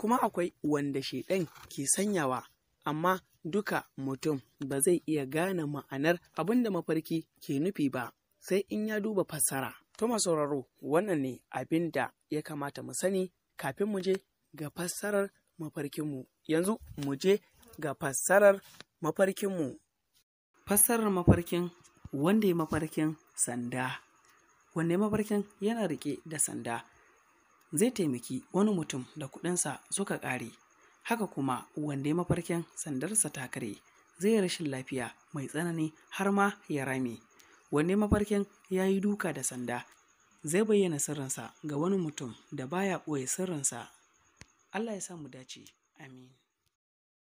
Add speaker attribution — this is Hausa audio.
Speaker 1: kuma akwai wanda shaidan ke sanyawa amma duka mutum ba zai iya gane ma'anar abin da mafarki ke nufi ba sai in ya duba fassara. to sauraro wannan ne abin da ya kamata mu sani kafin mu je ga fassarar mafarkinmu. Yanzu mu je ga fassarar mafarkinmu. Fassarar mafarkin wanda ya mafarkin sanda. ya mafarkin yana rike da sanda. zai taimaki wani mutum da kuɗinsa suka ƙare haka kuma wanda ya mafarkin sandarsa ta kare zai rashin lafiya mai tsanani har ma ya rame wanda ya mafarkin ya yi duka da sanda zai bayyana sirrinsa ga wani mutum da baya ɓoye sirrinsa Allah ya sa mu dace amin